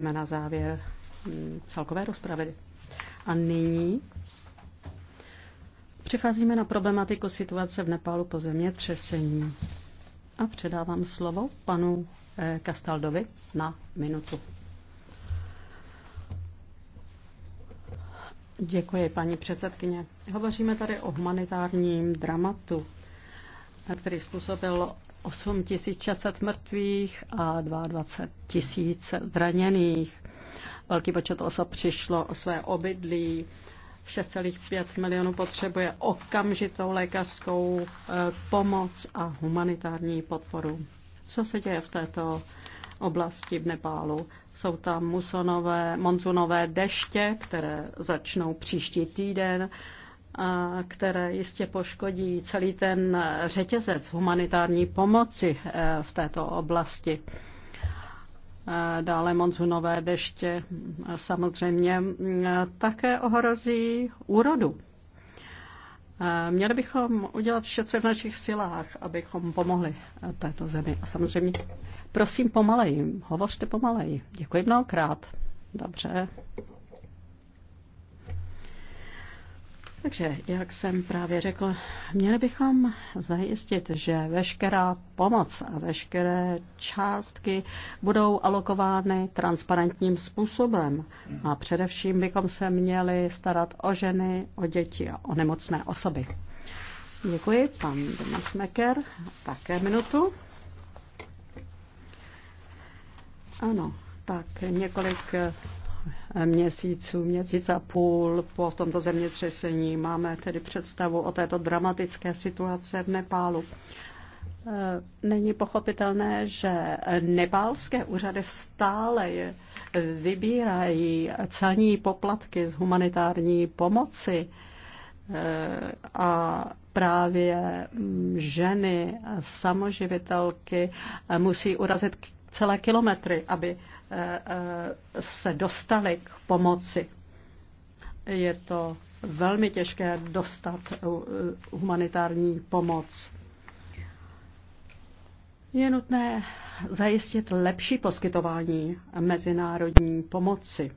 Jsme na závěr mm, celkové rozpravy. A nyní přicházíme na problematiku situace v Nepálu po zemětřesení. A předávám slovo panu Kastaldovi eh, na minutu. Děkuji, paní předsedkyně. Hovoříme tady o humanitárním dramatu, který způsobil 8 600 mrtvých a 22 tisíc zraněných. Velký počet osob přišlo o své obydlí. 6,5 milionů potřebuje okamžitou lékařskou e, pomoc a humanitární podporu. Co se děje v této oblasti v Nepálu? Jsou tam musonové, monzunové deště, které začnou příští týden které jistě poškodí celý ten řetězec humanitární pomoci eh, v této oblasti. Eh, dále monzunové deště eh, samozřejmě také ohrozí úrodu. Měli bychom udělat vše, co v našich silách, abychom pomohli této zemi. A samozřejmě, prosím, pomaleji, hovořte pomaleji. Děkuji mnohokrát. Dobře. Takže, jak jsem právě řekl, měli bychom zajistit, že veškerá pomoc a veškeré částky budou alokovány transparentním způsobem. A především bychom se měli starat o ženy, o děti a o nemocné osoby. Děkuji, pan Demasmeker, také minutu. Ano, tak několik měsíců, měsíc a půl po tomto zemětřesení. Máme tedy představu o této dramatické situace v Nepálu. E, není pochopitelné, že nepálské úřady stále vybírají celní poplatky z humanitární pomoci e, a právě mm, ženy, samoživitelky e, musí urazit celé kilometry, aby se dostali k pomoci. Je to velmi těžké dostat eh, humanitární pomoc. Je nutné zajistit lepší poskytování mezinárodní pomoci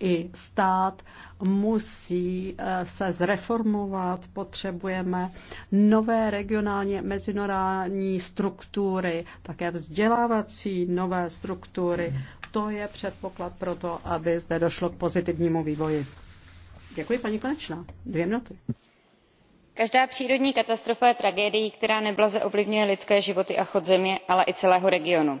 i stát musí eh, se zreformovat, potřebujeme nové regionální mezinárodní struktury, také vzdělávací nové struktury. To je předpoklad pro to, aby zde došlo k pozitivnímu vývoji. Děkuji, paní Konečná. Dvě minuty. Každá přírodní katastrofa je tragédií, která neblaze ovlivňuje lidské životy a chod země, ale i celého regionu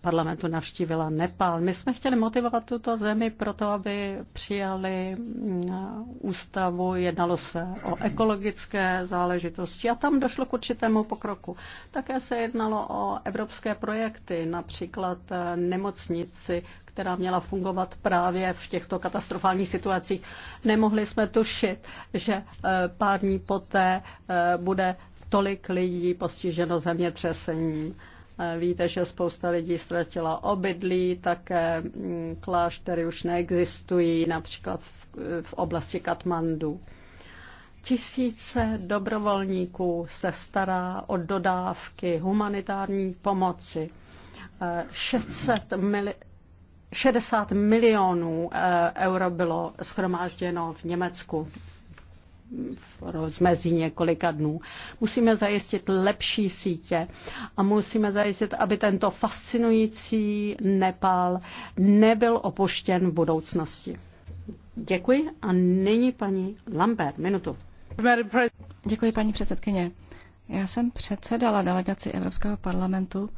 parlamentu navštívila Nepál. My jsme chtěli motivovat tuto zemi proto, aby přijali mm, ústavu, jednalo se o ekologické záležitosti a tam došlo k určitému pokroku. Také se jednalo o evropské projekty, například eh, nemocnici, která měla fungovat právě v těchto katastrofálních situacích. Nemohli jsme tušit, že eh, pár dní poté eh, bude tolik lidí postiženo zemětřesením. Víte, že spousta lidí ztratila obydlí, také mm, kláštery už neexistují, například v oblasti Katmandu. Tisíce dobrovolníků se stará o dodávky humanitární pomoci. 600 mili- 60 milionů eh, euro bylo schromážděno v Německu v rozmezí několika dnů. Musíme zajistit lepší sítě a musíme zajistit, aby tento fascinující Nepál nebyl opuštěn v budoucnosti. Děkuji a nyní paní Lambert, minutu. Děkuji paní předsedkyně. Já jsem předsedala delegaci Evropského parlamentu,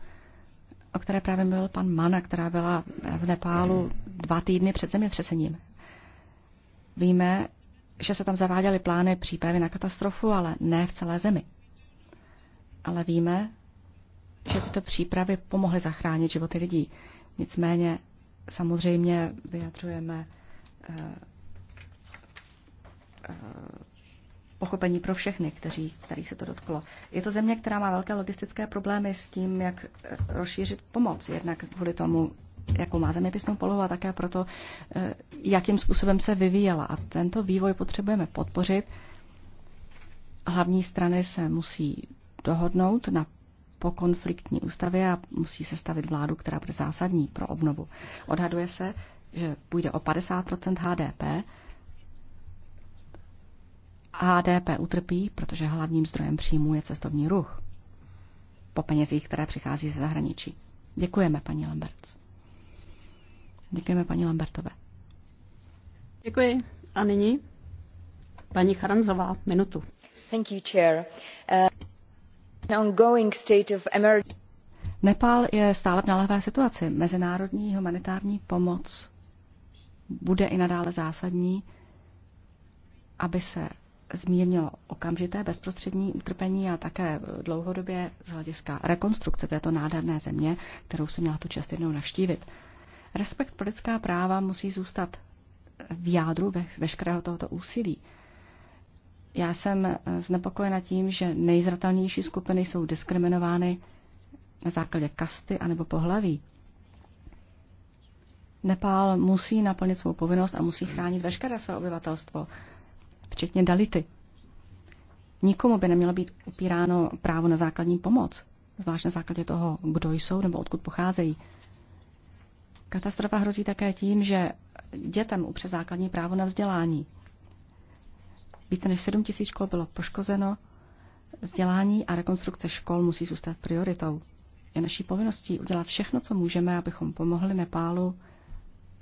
o které právě byl pan Mana, která byla v Nepálu dva týdny před zemětřesením. Víme, že se tam zaváděly plány přípravy na katastrofu, ale ne v celé zemi. Ale víme, že tyto přípravy pomohly zachránit životy lidí. Nicméně samozřejmě vyjadřujeme eh, eh, pochopení pro všechny, kteří, kterých se to dotklo. Je to země, která má velké logistické problémy s tím, jak eh, rozšířit pomoc. Jednak kvůli tomu, jakou má zeměpisnou polohu a také proto, eh, jakým způsobem se vyvíjela. A tento vývoj potřebujeme podpořit. Hlavní strany se musí dohodnout na pokonfliktní ústavě a musí se stavit vládu, která bude zásadní pro obnovu. Odhaduje se, že půjde o 50 HDP. HDP utrpí, protože hlavním zdrojem příjmu je cestovní ruch po penězích, které přichází ze zahraničí. Děkujeme, paní Lamberts. Děkujeme paní Lambertové. Děkuji. A nyní paní Charanzová, minutu. Thank you, chair. Uh, ongoing state of emergency. Nepál je stále v naléhavé situaci. Mezinárodní humanitární pomoc bude i nadále zásadní, aby se zmírnilo okamžité bezprostřední utrpení a také dlouhodobě z hlediska rekonstrukce této nádherné země, kterou jsem měla tu čest jednou navštívit. Respekt pro lidská práva musí zůstat v jádru ve, veškerého tohoto úsilí. Já jsem eh, znepokojena tím, že nejzratelnější skupiny jsou diskriminovány na základě kasty anebo pohlaví. Nepál musí naplnit svou povinnost a musí chránit veškeré své obyvatelstvo, včetně Dality. Nikomu by nemělo být upíráno právo na základní pomoc, zvlášť na základě toho, kdo jsou nebo odkud pocházejí. Katastrofa hrozí také tím, že dětem upře základní právo na vzdělání. Více než 7 tisíc škol bylo poškozeno, vzdělání a rekonstrukce škol musí zůstat prioritou. Je naší povinností udělat všechno, co můžeme, abychom pomohli Nepálu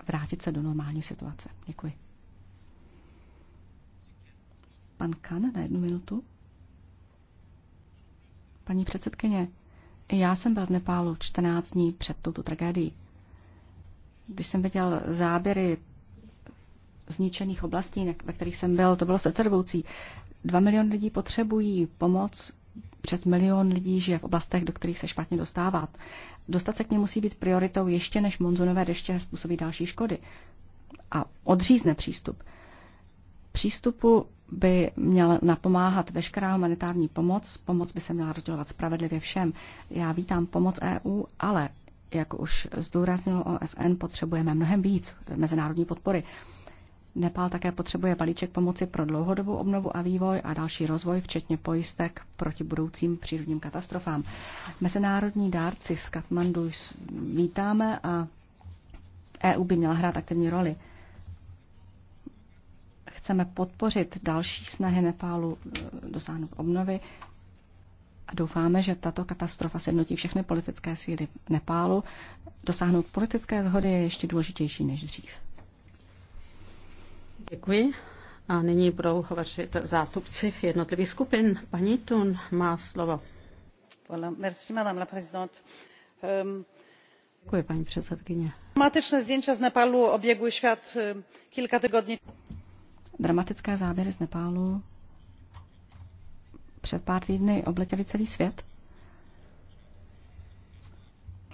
vrátit se do normální situace. Děkuji. Pan Kan na jednu minutu. Paní předsedkyně, já jsem byl v Nepálu 14 dní před touto tragédií. Když jsem viděl záběry zničených oblastí, ve kterých jsem byl, to bylo rvoucí. Dva milion lidí potřebují pomoc, přes milion lidí žije v oblastech, do kterých se špatně dostává. Dostat se k ně musí být prioritou ještě než monzunové deště způsobí další škody a odřízne přístup. Přístupu by měla napomáhat veškerá humanitární pomoc, pomoc by se měla rozdělovat spravedlivě všem. Já vítám pomoc EU, ale jak už zdůraznilo OSN, potřebujeme mnohem víc mezinárodní podpory. Nepál také potřebuje balíček pomoci pro dlouhodobou obnovu a vývoj a další rozvoj, včetně pojistek proti budoucím přírodním katastrofám. Mezinárodní dárci z Katmandu vítáme a EU by měla hrát aktivní roli. Chceme podpořit další snahy Nepálu eh, dosáhnout obnovy, a doufáme, že tato katastrofa sjednotí všechny politické síly v Nepálu. Dosáhnout politické zhody je ještě důležitější než dřív. Děkuji. A nyní budou hovořit zástupci jednotlivých skupin. Paní Tun má slovo. Ehm, Děkuji, paní předsedkyně. Dramatické zdjęcia z Nepálu obiegły svět eh, kilka týdnů. Dramatické záběry z Nepálu před pár týdny obletěli celý svět.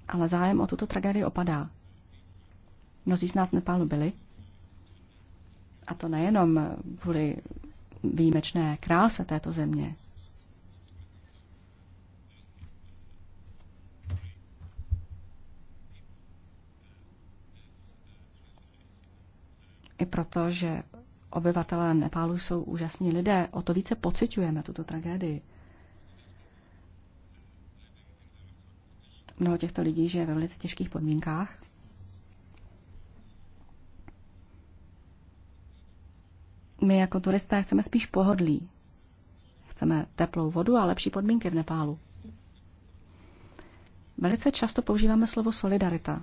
Ale zájem o tuto tragédii opadá. Mnozí z nás v Nepálu byli. A to nejenom kvůli výjimečné kráse této země. I proto, že obyvatelé Nepálu jsou úžasní lidé, o to více pocitujeme tuto tragédii. Mnoho těchto lidí žije ve velice těžkých podmínkách. My jako turisté chceme spíš pohodlí. Chceme teplou vodu a lepší podmínky v Nepálu. Velice často používáme slovo solidarita.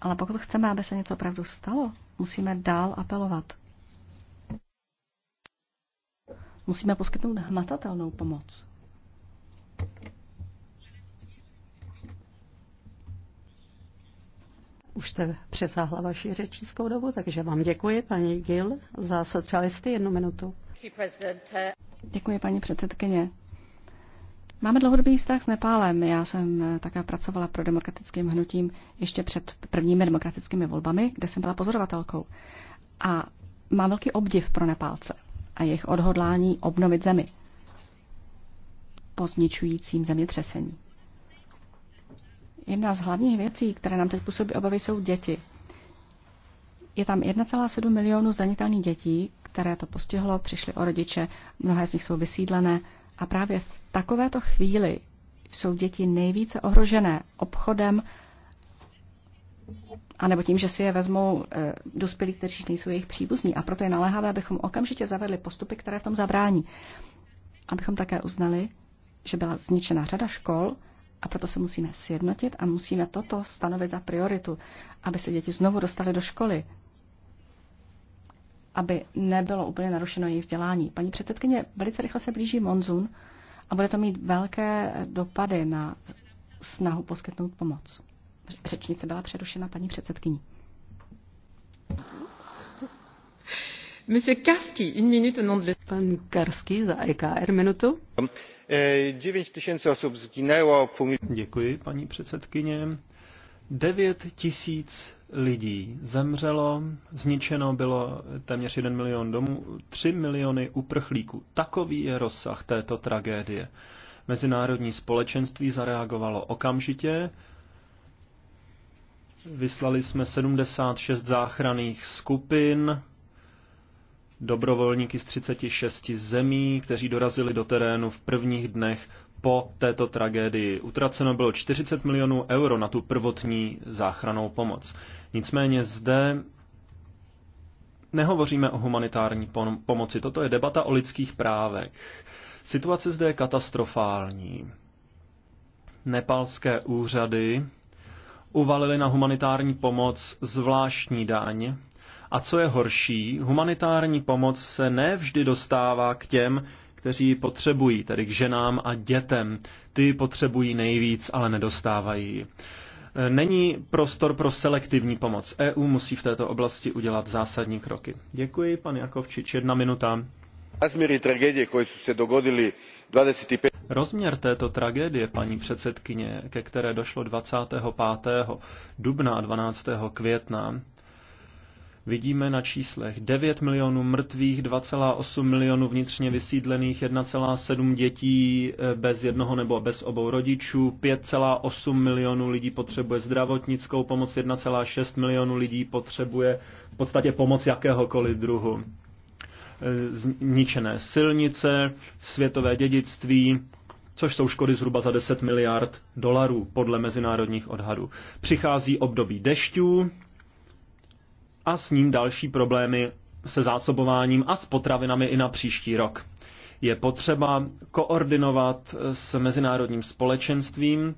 Ale pokud chceme, aby se něco opravdu stalo, musíme dál apelovat. Musíme poskytnout hmatatelnou pomoc. Už jste přesáhla vaši řečnickou dobu, takže vám děkuji, paní Gil, za socialisty jednu minutu. Děkuji, paní předsedkyně. Máme dlouhodobý vztah s Nepálem. Já jsem eh, také pracovala pro demokratickým hnutím ještě před prvními demokratickými volbami, kde jsem byla pozorovatelkou. A mám velký obdiv pro Nepálce a jejich odhodlání obnovit zemi po zničujícím zemětřesení. Jedna z hlavních věcí, které nám teď působí obavy, jsou děti. Je tam 1,7 milionů zranitelných dětí, které to postihlo, přišly o rodiče, mnohé z nich jsou vysídlené a právě v takovéto chvíli jsou děti nejvíce ohrožené obchodem a nebo tím, že si je vezmou e, dospělí, kteří nejsou jejich příbuzní. A proto je naléhavé, abychom okamžitě zavedli postupy, které v tom zabrání. Abychom také uznali, že byla zničena řada škol a proto se musíme sjednotit a musíme toto stanovit za prioritu, aby se děti znovu dostaly do školy, aby nebylo úplně narušeno jejich vzdělání. Paní předsedkyně, velice rychle se blíží monzun a bude to mít velké dopady na snahu poskytnout pomoc. Řečnice byla přerušena paní předsedkyní. Monsieur Karski, une minute au nom de... Pan Karski za EKR minutu. 9 000 osob zginęło. Děkuji, paní předsedkyně. 9 tisíc lidí zemřelo, zničeno bylo téměř 1 milion domů, 3 miliony uprchlíků. Takový je rozsah této tragédie. Mezinárodní společenství zareagovalo okamžitě. Vyslali jsme 76 záchranných skupin, dobrovolníky z 36 zemí, kteří dorazili do terénu v prvních dnech po této tragédii. Utraceno bylo 40 milionů euro na tu prvotní záchranou pomoc. Nicméně zde nehovoříme o humanitární pomoci. Toto je debata o lidských právech. Situace zde je katastrofální. Nepalské úřady uvalily na humanitární pomoc zvláštní daň. A co je horší, humanitární pomoc se nevždy dostává k těm, kteří ji potřebují, tedy k ženám a dětem. Ty potřebují nejvíc, ale nedostávají. Není prostor pro selektivní pomoc. EU musí v této oblasti udělat zásadní kroky. Děkuji, pan Jakovčič. Jedna minuta. Rozměry tragédie, které se dogodily 25. Rozměr této tragédie, paní předsedkyně, ke které došlo 25. dubna a 12. května, Vidíme na číslech 9 milionů mrtvých, 2,8 milionů vnitřně vysídlených, 1,7 dětí eh, bez jednoho nebo bez obou rodičů, 5,8 milionů lidí potřebuje zdravotnickou pomoc, 1,6 milionů lidí potřebuje v podstatě pomoc jakéhokoliv druhu. Eh, zničené silnice, světové dědictví, což jsou škody zhruba za 10 miliard dolarů podle mezinárodních odhadů. Přichází období dešťů, a s ním další problémy se zásobováním a s potravinami i na příští rok. Je potřeba koordinovat s mezinárodním společenstvím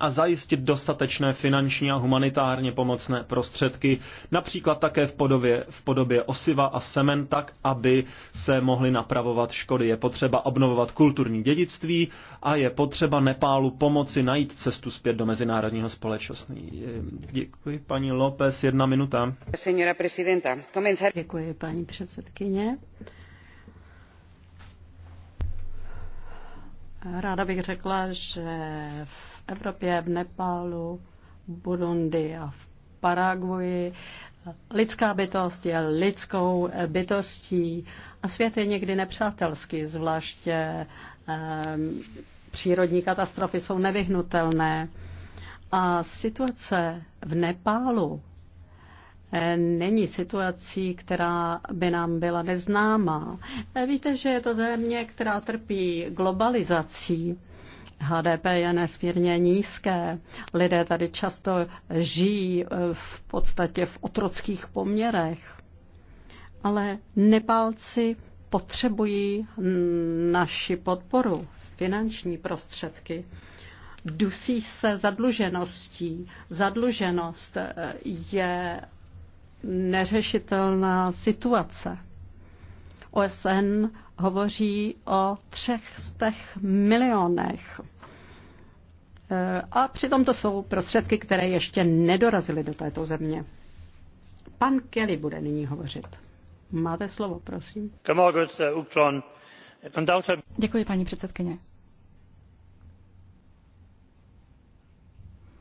a zajistit dostatečné finanční a humanitárně pomocné prostředky, například také v podobě, v podobě osiva a semen, tak, aby se mohly napravovat škody. Je potřeba obnovovat kulturní dědictví a je potřeba Nepálu pomoci najít cestu zpět do mezinárodního společnosti. Děkuji, paní López, jedna minuta. Děkuji, paní předsedkyně. Ráda bych řekla, že v Evropě, v Nepálu, Burundi a v Paraguji. Lidská bytost je lidskou eh, bytostí a svět je někdy nepřátelský, zvláště um, přírodní katastrofy jsou nevyhnutelné. A situace v Nepálu eh, není situací, která by nám byla neznámá. Eh, víte, že je to země, která trpí globalizací HDP je nesmírně nízké. Lidé tady často žijí eh, v podstatě v otrockých poměrech. Ale Nepálci potřebují hm, naši podporu, finanční prostředky. Dusí se zadlužeností. Zadluženost eh, je neřešitelná situace. OSN hovoří o třech milionech. Eh, a přitom to jsou prostředky, které ještě nedorazily do této země. Pan Kelly bude nyní hovořit. Máte slovo, prosím. Děkuji, paní předsedkyně.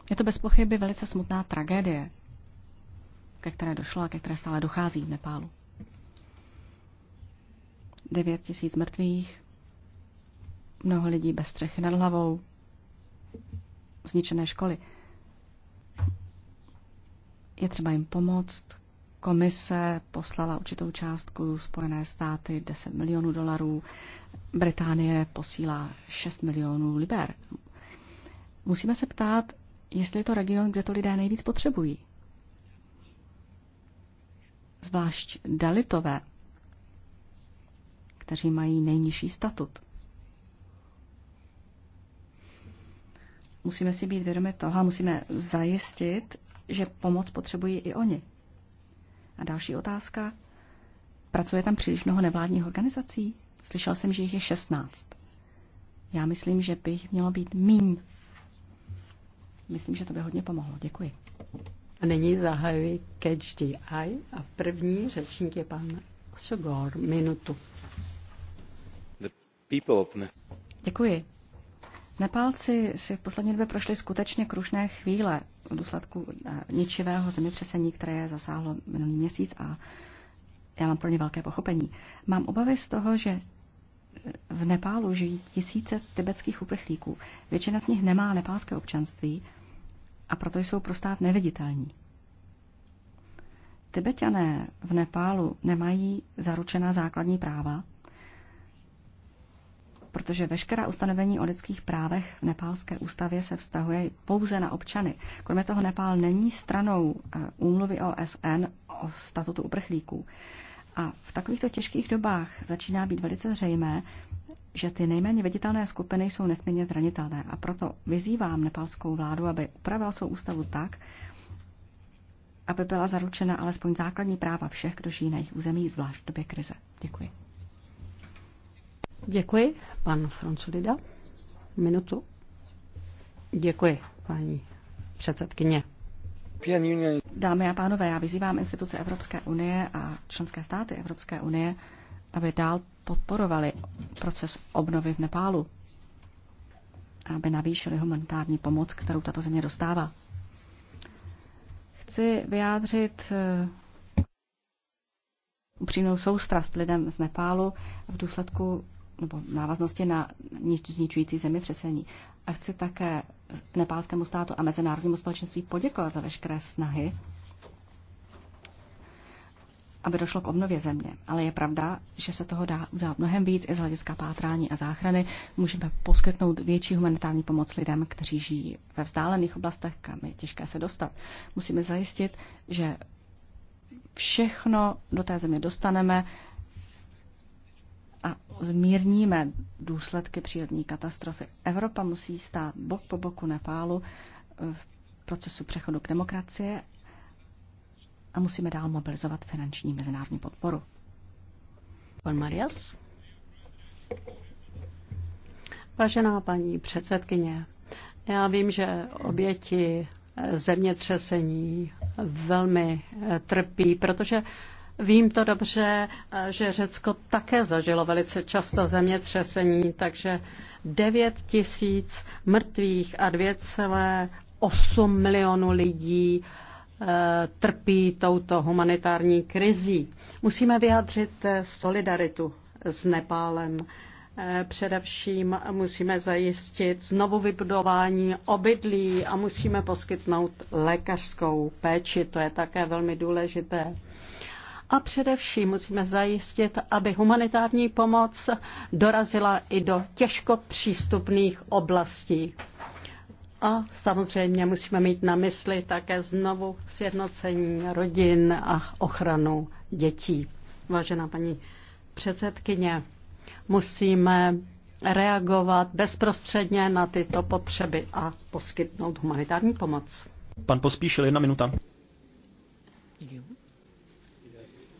Je to bez pochyby velice smutná tragédie, ke které došlo a ke které stále dochází v Nepálu. 9 tisíc mrtvých, mnoho lidí bez střechy nad hlavou, zničené školy. Je třeba jim pomoct. Komise poslala určitou částku Spojené státy 10 milionů dolarů, Británie posílá 6 milionů liber. Musíme se ptát, jestli je to region, kde to lidé nejvíc potřebují. Zvlášť dalitové kteří mají nejnižší statut. Musíme si být vědomi toho a musíme zajistit, že pomoc potřebují i oni. A další otázka. Pracuje tam příliš mnoho nevládních organizací? Slyšel jsem, že jich je 16. Já myslím, že by jich mělo být míň. Myslím, že to by hodně pomohlo. Děkuji. A nyní zahajuji Catch the Eye a první řečník je pan Sugor. Minutu. Děkuji. Nepálci si v poslední době prošli skutečně krušné chvíle v důsledku eh, ničivého zemětřesení, které je zasáhlo minulý měsíc a já mám pro ně velké pochopení. Mám obavy z toho, že eh, v Nepálu žijí tisíce tibetských uprchlíků. Většina z nich nemá nepálské občanství a proto jsou pro stát neviditelní. Tibetané v Nepálu nemají zaručená základní práva, protože veškerá ustanovení o lidských právech v nepálské ústavě se vztahuje pouze na občany. Kromě toho Nepál není stranou eh, úmluvy OSN o statutu uprchlíků. A v takovýchto těžkých dobách začíná být velice zřejmé, že ty nejméně viditelné skupiny jsou nesmírně zranitelné. A proto vyzývám nepalskou vládu, aby upravila svou ústavu tak, aby byla zaručena alespoň základní práva všech, kdo žijí na jejich území, zvlášť v době krize. Děkuji. Děkuji. Pan Francolida. Minutu. Děkuji, paní předsedkyně. Dámy a pánové, já vyzývám instituce Evropské unie a členské státy Evropské unie, aby dál podporovali proces obnovy v Nepálu, aby navýšili humanitární pomoc, kterou tato země dostává. Chci vyjádřit eh, upřímnou soustrast lidem z Nepálu v důsledku nebo návaznosti na zničující zemětřesení. A chci také nepálskému státu a mezinárodnímu společenství poděkovat za veškeré snahy, aby došlo k obnově země. Ale je pravda, že se toho dá udělat mnohem víc i z hlediska pátrání a záchrany. Můžeme poskytnout větší humanitární pomoc lidem, kteří žijí ve vzdálených oblastech, kam je těžké se dostat. Musíme zajistit, že všechno do té země dostaneme, a zmírníme důsledky přírodní katastrofy. Evropa musí stát bok po boku Nepálu eh, v procesu přechodu k demokracie a musíme dál mobilizovat finanční mezinárodní podporu. Pan Marias? Vážená paní předsedkyně, já vím, že oběti zemětřesení velmi trpí, protože Vím to dobře, eh, že Řecko také zažilo velice často zemětřesení, takže 9 tisíc mrtvých a 2,8 milionu lidí eh, trpí touto humanitární krizí. Musíme vyjádřit eh, solidaritu s Nepálem. Především musíme zajistit znovu vybudování obydlí a musíme poskytnout lékařskou péči. To je také velmi důležité. A především musíme zajistit, aby humanitární pomoc dorazila i do těžko přístupných oblastí. A samozřejmě musíme mít na mysli také znovu sjednocení rodin a ochranu dětí. Vážená paní předsedkyně, musíme reagovat bezprostředně na tyto potřeby a poskytnout humanitární pomoc. Pan Pospíšil, jedna minuta. Děkuji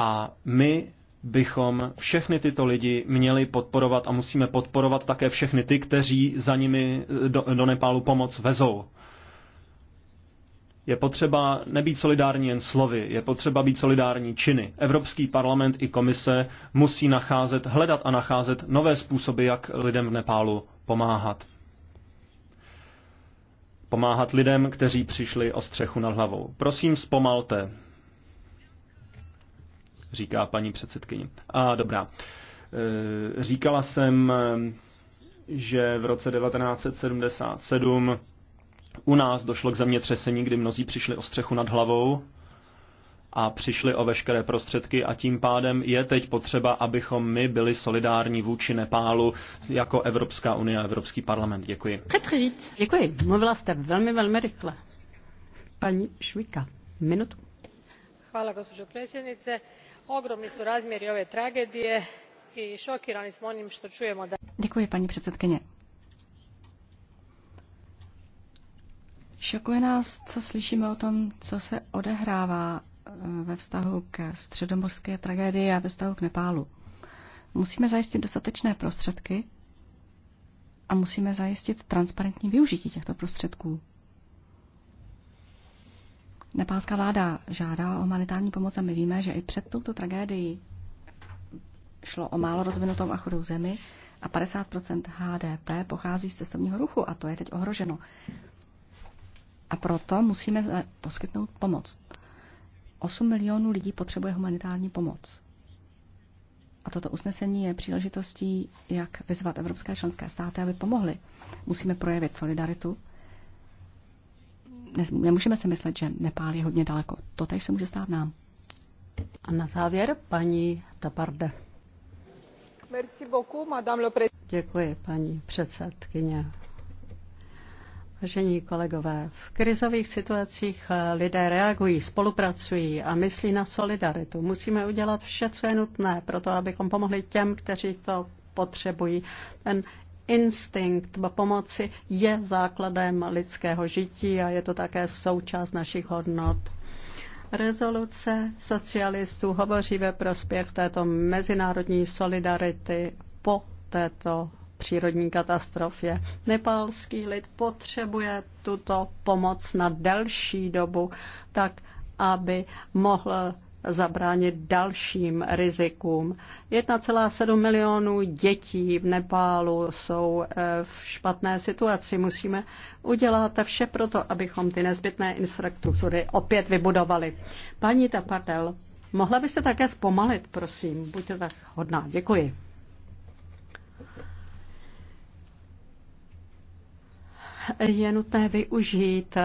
A my bychom všechny tyto lidi měli podporovat a musíme podporovat také všechny ty, kteří za nimi eh, do, do Nepálu pomoc vezou. Je potřeba nebýt solidární jen slovy, je potřeba být solidární činy. Evropský parlament i komise musí nacházet, hledat a nacházet nové způsoby, jak lidem v Nepálu pomáhat. Pomáhat lidem, kteří přišli o střechu nad hlavou. Prosím, zpomalte říká paní předsedkyně. A dobrá. E, říkala jsem, že v roce 1977 u nás došlo k zemětřesení, kdy mnozí přišli o střechu nad hlavou a přišli o veškeré prostředky a tím pádem je teď potřeba, abychom my byli solidární vůči Nepálu jako Evropská unie a Evropský parlament. Děkuji. Děkuji. Mluvila jste velmi, velmi rychle. Paní Švika, minutu. Hvala, gospođo predsjednice ogromni su razmjeri ove tragedije i šokirani smo onim što čujemo danas. Šokuje nás, co slyšíme o tom, co se odehrává eh, ve vztahu k středomorské tragédii a ve vztahu k Nepálu. Musíme zajistit dostatečné prostředky a musíme zajistit transparentní využití těchto prostředků. Nepálská vláda žádá o humanitární pomoc a my víme, že i před touto tragédií šlo o málo rozvinutou a chudou zemi a 50 HDP pochází z cestovního ruchu a to je teď ohroženo. A proto musíme poskytnout pomoc. 8 milionů lidí potřebuje humanitární pomoc. A toto usnesení je příležitostí, jak vyzvat evropské členské státy, aby pomohly. Musíme projevit solidaritu Nemůžeme si myslet, že Nepál je hodně daleko. To tež se může stát nám. A na závěr paní Taparde. Merci beaucoup, madame le Děkuji, paní předsedkyně. Vážení kolegové, v krizových situacích eh, lidé reagují, spolupracují a myslí na solidaritu. Musíme udělat vše, co je nutné pro to, abychom pomohli těm, kteří to potřebují. Ten instinkt pomoci je základem lidského žití a je to také součást našich hodnot. Rezoluce socialistů hovoří ve prospěch této mezinárodní solidarity po této přírodní katastrofě. Nepalský lid potřebuje tuto pomoc na delší dobu, tak aby mohl zabránit dalším rizikům. 1,7 milionů dětí v Nepálu jsou eh, v špatné situaci. Musíme udělat vše proto, abychom ty nezbytné infrastruktury opět vybudovali. Paní Tapatel, mohla byste také zpomalit, prosím, buďte tak hodná. Děkuji. je nutné využít eh,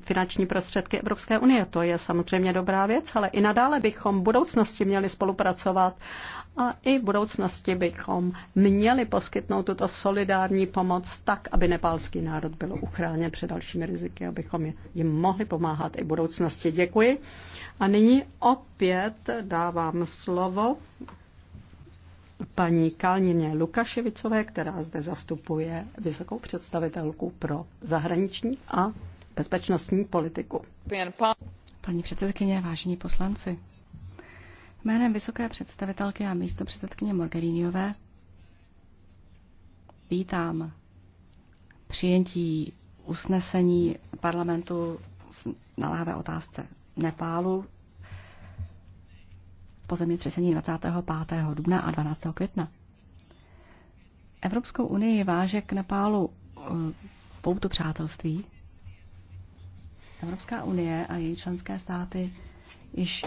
finanční prostředky Evropské unie. To je samozřejmě dobrá věc, ale i nadále bychom v budoucnosti měli spolupracovat a i v budoucnosti bychom měli poskytnout tuto solidární pomoc tak, aby nepálský národ byl uchráněn před dalšími riziky, abychom jim mohli pomáhat i v budoucnosti. Děkuji. A nyní opět dávám slovo paní Kalnině Lukaševicové, která zde zastupuje vysokou představitelku pro zahraniční a bezpečnostní politiku. Paní předsedkyně, vážení poslanci, jménem vysoké představitelky a místo předsedkyně Morgheriniové vítám přijetí usnesení parlamentu v naléhavé otázce Nepálu po zemětřesení 25. dubna a 12. května. Evropskou unii váže k Nepálu eh, poutu přátelství. Evropská unie a její členské státy již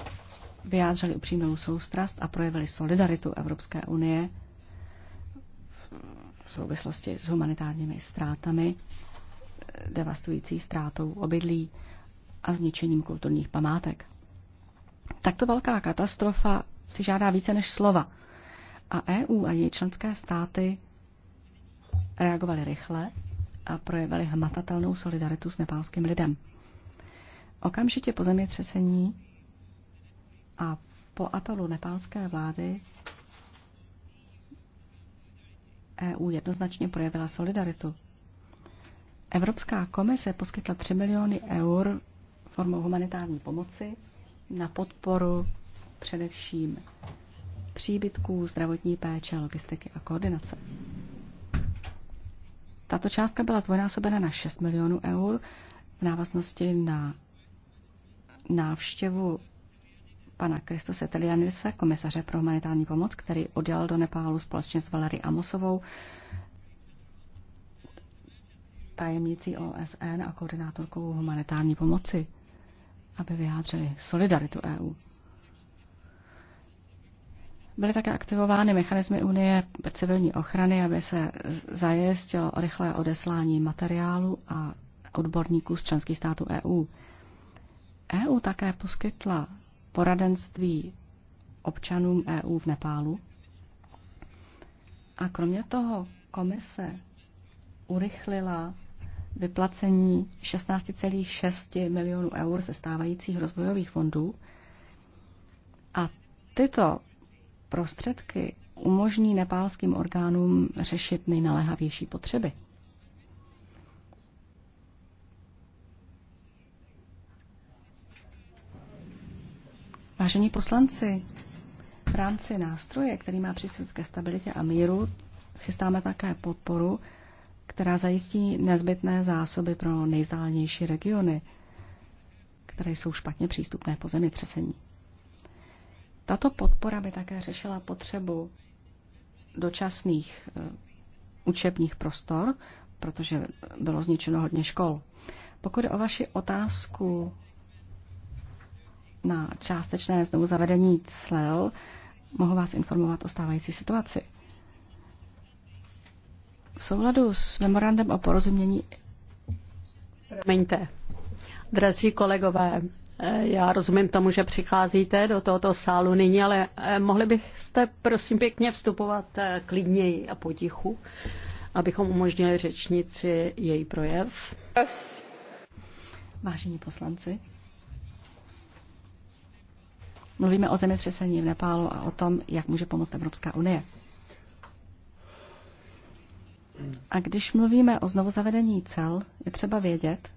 vyjádřili upřímnou soustrast a projevili solidaritu Evropské unie v souvislosti s humanitárními ztrátami, eh, devastující ztrátou obydlí a zničením kulturních památek. Takto velká katastrofa si žádá více než slova. A EU a její členské státy reagovaly rychle a projevily hmatatelnou solidaritu s nepálským lidem. Okamžitě po zemětřesení a po apelu nepálské vlády EU jednoznačně projevila solidaritu. Evropská komise poskytla 3 miliony eur formou humanitární pomoci na podporu především příbytků, zdravotní péče, logistiky a koordinace. Tato částka byla dvojnásobena na 6 milionů eur v návaznosti na návštěvu pana Kristose Telianise, komisaře pro humanitární pomoc, který odjel do Nepálu společně s Valery Amosovou, tajemnicí OSN a koordinátorkou humanitární pomoci aby vyjádřili solidaritu EU. Byly také aktivovány mechanismy Unie civilní ochrany, aby se zajistilo rychlé odeslání materiálu a odborníků z členských států EU. EU také poskytla poradenství občanům EU v Nepálu. A kromě toho komise urychlila vyplacení 16,6 milionů eur ze stávajících rozvojových fondů. A tyto prostředky umožní nepálským orgánům řešit nejnaléhavější potřeby. Vážení poslanci, v rámci nástroje, který má přispět ke stabilitě a míru, chystáme také podporu která zajistí nezbytné zásoby pro nejzdálnější regiony, které jsou špatně přístupné po třesení. Tato podpora by také řešila potřebu dočasných eh, učebních prostor, protože bylo zničeno hodně škol. Pokud o vaši otázku na částečné znovu zavedení clel, mohu vás informovat o stávající situaci. V souladu s memorandem o porozumění. Promiňte, drazí kolegové, eh, já rozumím tomu, že přicházíte do tohoto sálu nyní, ale eh, mohli byste prosím pěkně vstupovat eh, klidněji a potichu, abychom umožnili řečnici její projev. Yes. Vážení poslanci, mluvíme o zemětřesení v Nepálu a o tom, jak může pomoct Evropská unie. A když mluvíme o znovuzavedení cel, je třeba vědět,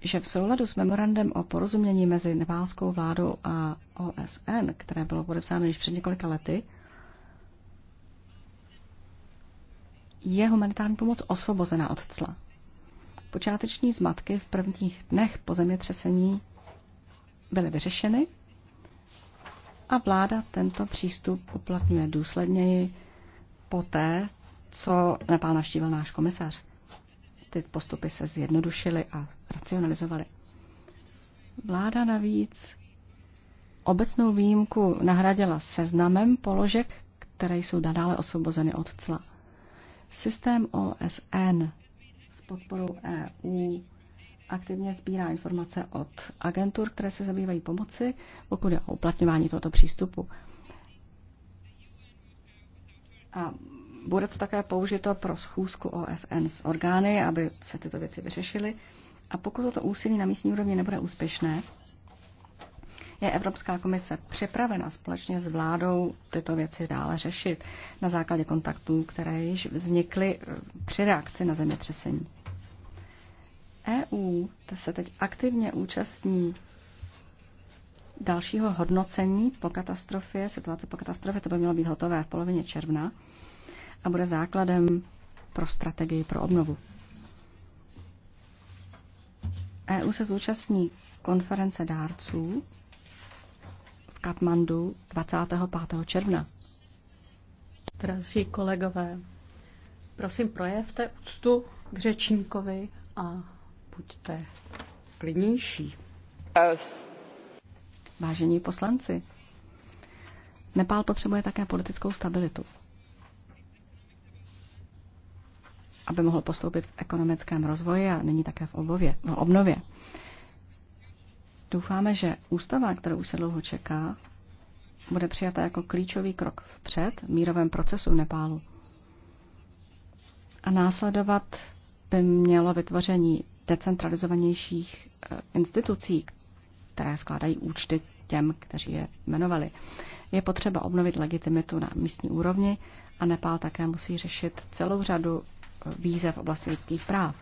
že v souladu s memorandem o porozumění mezi nepálskou vládou a OSN, které bylo podepsáno již před několika lety, je humanitární pomoc osvobozená od cla. Počáteční zmatky v prvních dnech po zemětřesení byly vyřešeny a vláda tento přístup uplatňuje důsledněji poté, co Nepál navštívil náš komisař. Ty postupy se zjednodušily a racionalizovaly. Vláda navíc obecnou výjimku nahradila seznamem položek, které jsou nadále osvobozeny od cla. Systém OSN s podporou EU aktivně sbírá informace od agentur, které se zabývají pomoci, pokud je o uplatňování tohoto přístupu. A bude to také použito pro schůzku OSN s orgány, aby se tyto věci vyřešily. A pokud toto úsilí na místní úrovni nebude úspěšné, je Evropská komise připravena společně s vládou tyto věci dále řešit na základě kontaktů, které již vznikly eh, při reakci na zemětřesení. EU se teď aktivně účastní dalšího hodnocení po katastrofě, situace po katastrofě, to by mělo být hotové v polovině června a bude základem pro strategii pro obnovu. EU se zúčastní konference dárců v Katmandu 25. června. Drazí kolegové, prosím projevte úctu k řečníkovi a buďte klidnější. Vážení poslanci, Nepál potřebuje také politickou stabilitu. aby mohl postoupit v ekonomickém rozvoji a nyní také v, obově, v obnově. Doufáme, že ústava, kterou se dlouho čeká, bude přijata jako klíčový krok vpřed v mírovém procesu v Nepálu. A následovat by mělo vytvoření decentralizovanějších eh, institucí, které skládají účty těm, kteří je jmenovali. Je potřeba obnovit legitimitu na místní úrovni a Nepál také musí řešit celou řadu víze v oblasti lidských práv.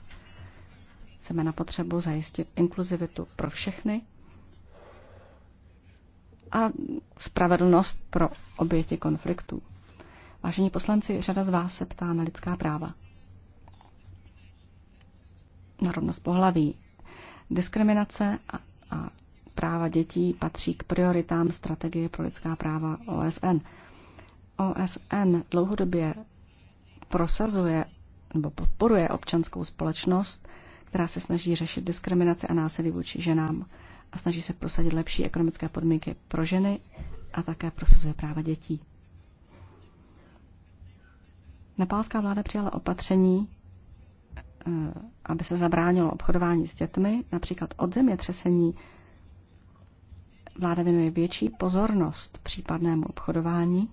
Chceme na potřebu zajistit inkluzivitu pro všechny a spravedlnost pro oběti konfliktů. Vážení poslanci, řada z vás se ptá na lidská práva. Na rovnost pohlaví. Diskriminace a, a práva dětí patří k prioritám strategie pro lidská práva OSN. OSN dlouhodobě prosazuje nebo podporuje občanskou společnost, která se snaží řešit diskriminaci a násilí vůči ženám a snaží se prosadit lepší ekonomické podmínky pro ženy a také prosazuje práva dětí. Nepálská vláda přijala opatření, eh, aby se zabránilo obchodování s dětmi, například od zemětřesení. Vláda věnuje větší pozornost případnému obchodování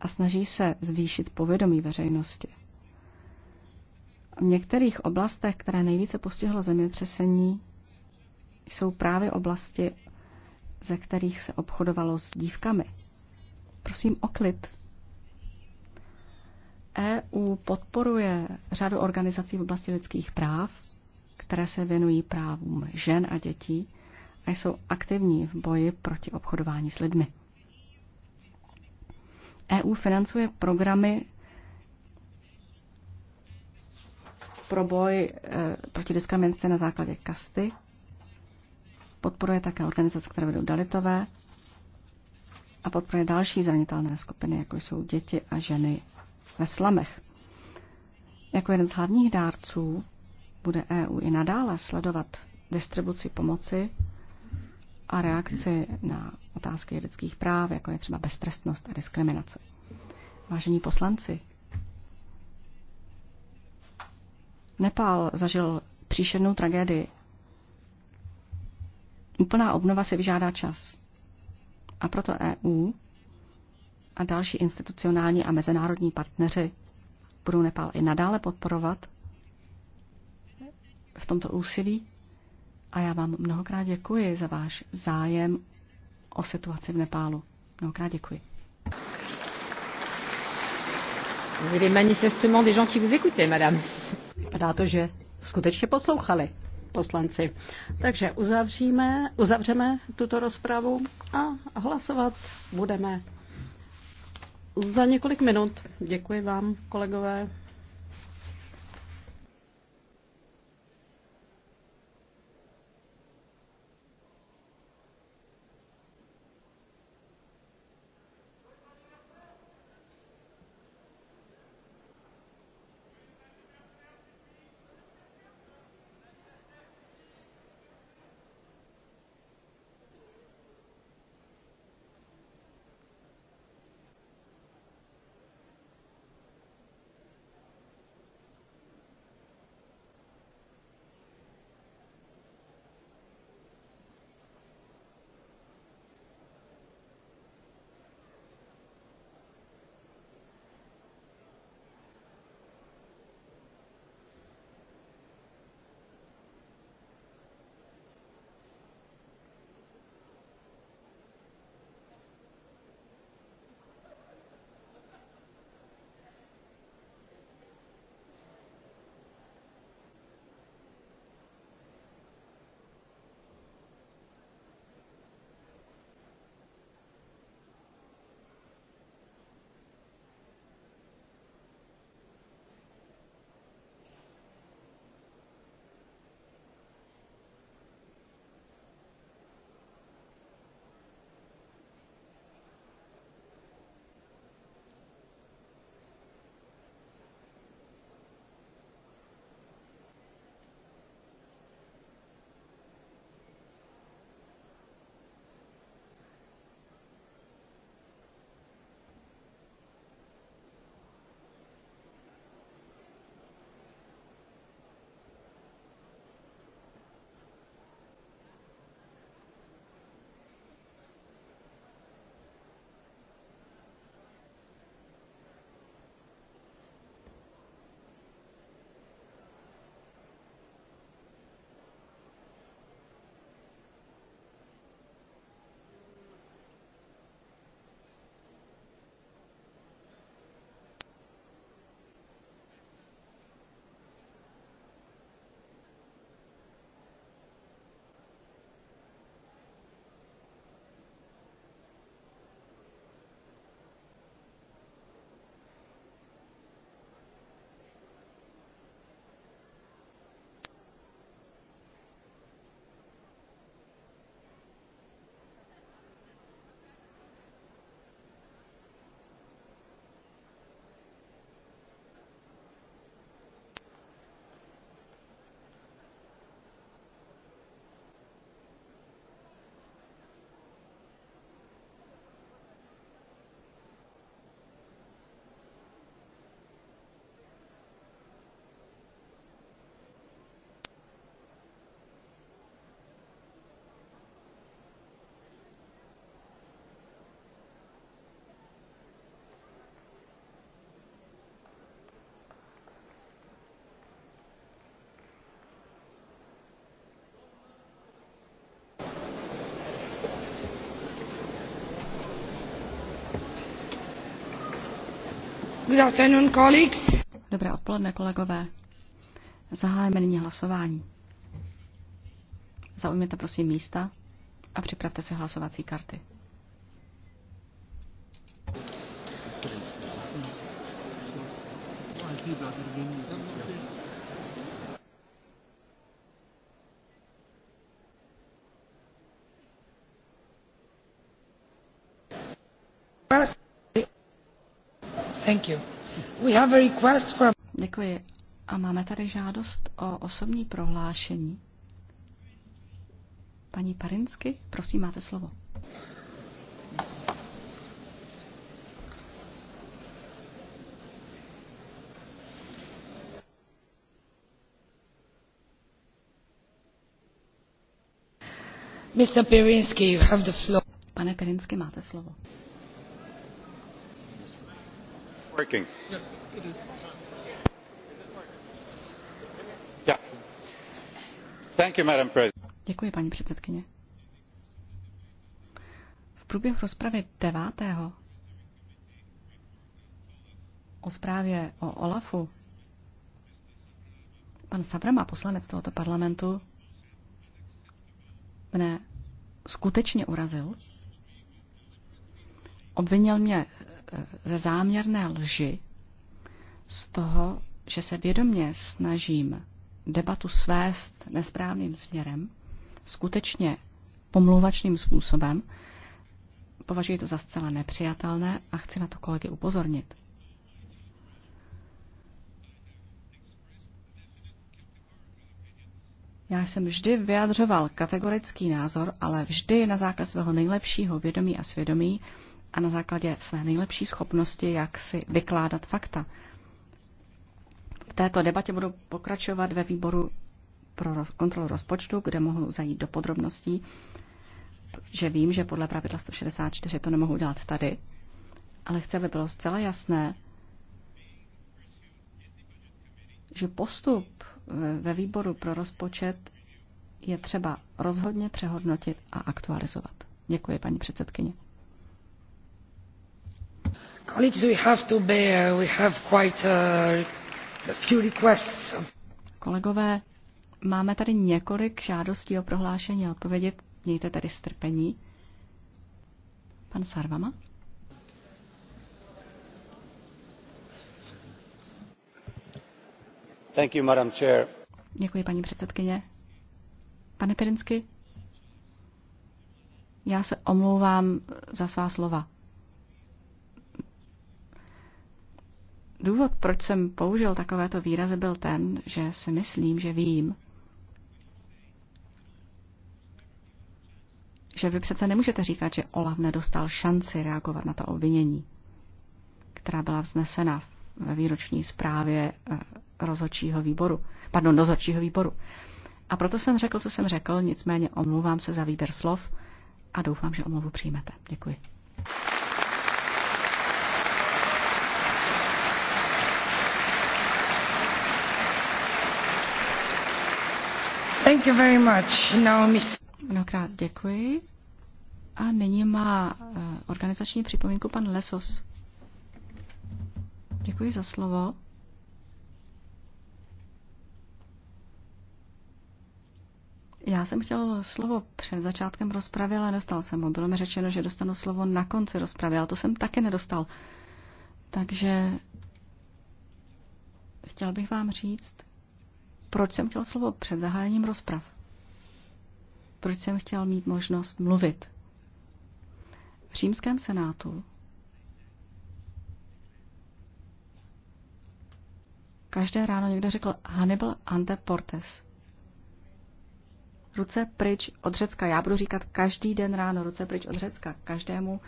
a snaží se zvýšit povědomí veřejnosti. V některých oblastech, které nejvíce postihlo zemětřesení, jsou právě oblasti, ze kterých se obchodovalo s dívkami. Prosím o klid. EU podporuje řadu organizací v oblasti lidských práv, které se věnují právům žen a dětí a jsou aktivní v boji proti obchodování s lidmi. EU financuje programy pro boj eh, proti diskriminaci na základě kasty. Podporuje také organizace, které vedou dalitové a podporuje další zranitelné skupiny, jako jsou děti a ženy ve slamech. Jako jeden z hlavních dárců bude EU i nadále sledovat distribuci pomoci a reakci na otázky lidských práv, jako je třeba beztrestnost a diskriminace. Vážení poslanci, Nepál zažil příšernou tragédii. Úplná obnova se vyžádá čas. A proto EU a další institucionální a mezinárodní partneři budou Nepál i nadále podporovat v tomto úsilí. A já vám mnohokrát děkuji za váš zájem o situaci v Nepálu. Mnohokrát děkuji. Vous avez manifestement des gens qui vous écoutaient, madame vypadá to, že skutečně poslouchali poslanci. Takže uzavříme, uzavřeme tuto rozpravu a hlasovat budeme za několik minut. Děkuji vám, kolegové. Dobré odpoledne, kolegové. Zahájeme nyní hlasování. Zaujměte prosím místa a připravte si hlasovací karty. a Děkuji. A máme tady žádost o osobní prohlášení. Paní Parinsky, prosím, máte slovo. Mr. Perinsky, you have the floor. Pane Perinsky, máte slovo working? Děkuji, paní předsedkyně. V průběhu rozpravy 9. o zprávě o OLAFu pan Savrama, poslanec tohoto parlamentu, mne skutečně urazil. Obvinil mě ze záměrné lži, z toho, že se vědomě snažím debatu svést nesprávným směrem, skutečně pomluvačným způsobem, považuji to za zcela nepřijatelné a chci na to kolegy upozornit. Já jsem vždy vyjadřoval kategorický názor, ale vždy na základ svého nejlepšího vědomí a svědomí a na základě své nejlepší schopnosti, jak si vykládat fakta. V této debatě budu pokračovat ve výboru pro kontrolu rozpočtu, kde mohu zajít do podrobností, že vím, že podle pravidla 164 to nemohu dělat tady, ale chci, aby bylo zcela jasné, že postup eh, ve výboru pro rozpočet je třeba rozhodně přehodnotit a aktualizovat. Děkuji, paní předsedkyně. Kolegové, máme tady několik žádostí o prohlášení a odpovědi. Mějte tady strpení. Pan Sarvama. Thank you, Madam Chair. Děkuji, paní předsedkyně. Pane Pirinsky, já se omlouvám za svá slova. Důvod, proč jsem použil takovéto výrazy, byl ten, že si myslím, že vím, že vy přece nemůžete říkat, že Olaf nedostal šanci reagovat na ta obvinění, která byla vznesena ve výroční zprávě eh, rozhodčího výboru, pardon, rozhodčího výboru. A proto jsem řekl, co jsem řekl, nicméně omlouvám se za výběr slov a doufám, že omluvu přijmete. Děkuji. Thank you very much. No, Mr. Mnohokrát děkuji. A nyní má eh, organizační připomínku pan Lesos. Děkuji za slovo. Já jsem chtěl slovo před začátkem rozpravy, ale nedostal jsem ho. Bylo mi řečeno, že dostanu slovo na konci rozpravy, ale to jsem také nedostal. Takže chtěl bych vám říct, proč jsem chtěl slovo před zahájením rozprav? Proč jsem chtěl mít možnost mluvit? V římském senátu každé ráno někdo řekl Hannibal ante portes. Ruce pryč od Řecka. Já budu říkat každý den ráno ruce pryč od Řecka. Každému,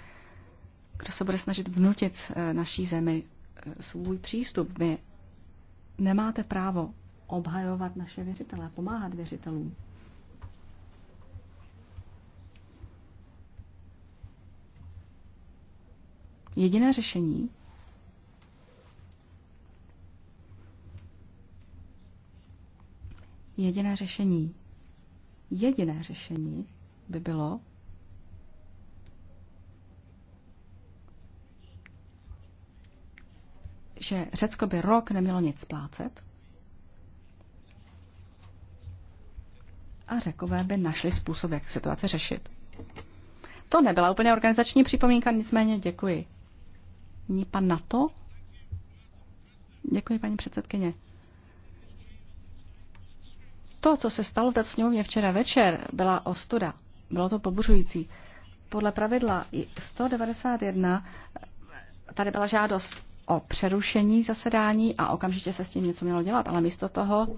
kdo se bude snažit vnutit eh, naší zemi eh, svůj přístup. Vy nemáte právo obhajovat naše věřitele, pomáhat věřitelům. Jediné řešení Jediné řešení, jediné řešení by bylo že Řecko by rok nemělo nic splácet, a řekové by našli způsob, jak situace řešit. To nebyla úplně organizační připomínka, nicméně děkuji. Ní pan na to. Děkuji, paní předsedkyně. To, co se stalo v té sněmovně včera večer, byla ostuda. Bylo to pobuřující. Podle pravidla 191 tady byla žádost o přerušení zasedání a okamžitě se s tím něco mělo dělat, ale místo toho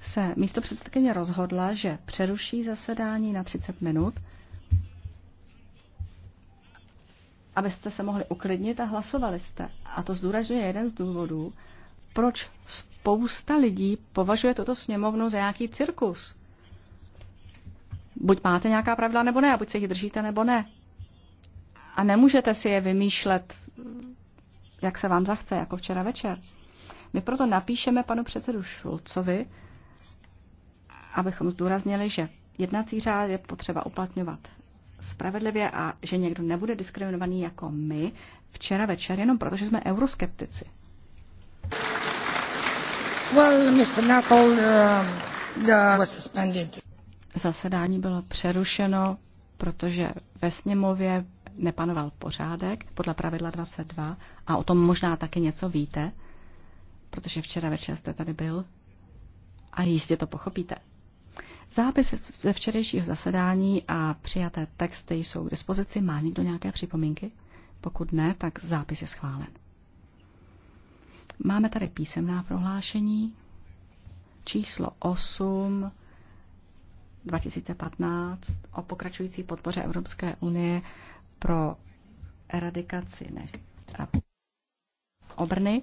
se místo předsedkyně rozhodla, že přeruší zasedání na 30 minut, abyste se mohli uklidnit a hlasovali jste. A to zdůrazňuje jeden z důvodů, proč spousta lidí považuje toto sněmovnu za nějaký cirkus. Buď máte nějaká pravidla, nebo ne, a buď se jich držíte, nebo ne. A nemůžete si je vymýšlet, jak se vám zachce, jako včera večer. My proto napíšeme panu předsedu Šulcovi, abychom zdůraznili, že jednací řád je potřeba uplatňovat spravedlivě a že někdo nebude diskriminovaný jako my včera večer, jenom protože jsme euroskeptici. Well, Mr. Nuttall, uh, uh, was suspended. Zasedání bylo přerušeno, protože ve sněmově nepanoval pořádek podle pravidla 22 a o tom možná taky něco víte, protože včera večer jste tady byl a jistě to pochopíte. Zápis ze včerejšího zasedání a přijaté texty jsou k dispozici. Má někdo nějaké připomínky? Pokud ne, tak zápis je schválen. Máme tady písemná prohlášení číslo 8 2015 o pokračující podpoře Evropské unie pro eradikaci ne, obrny.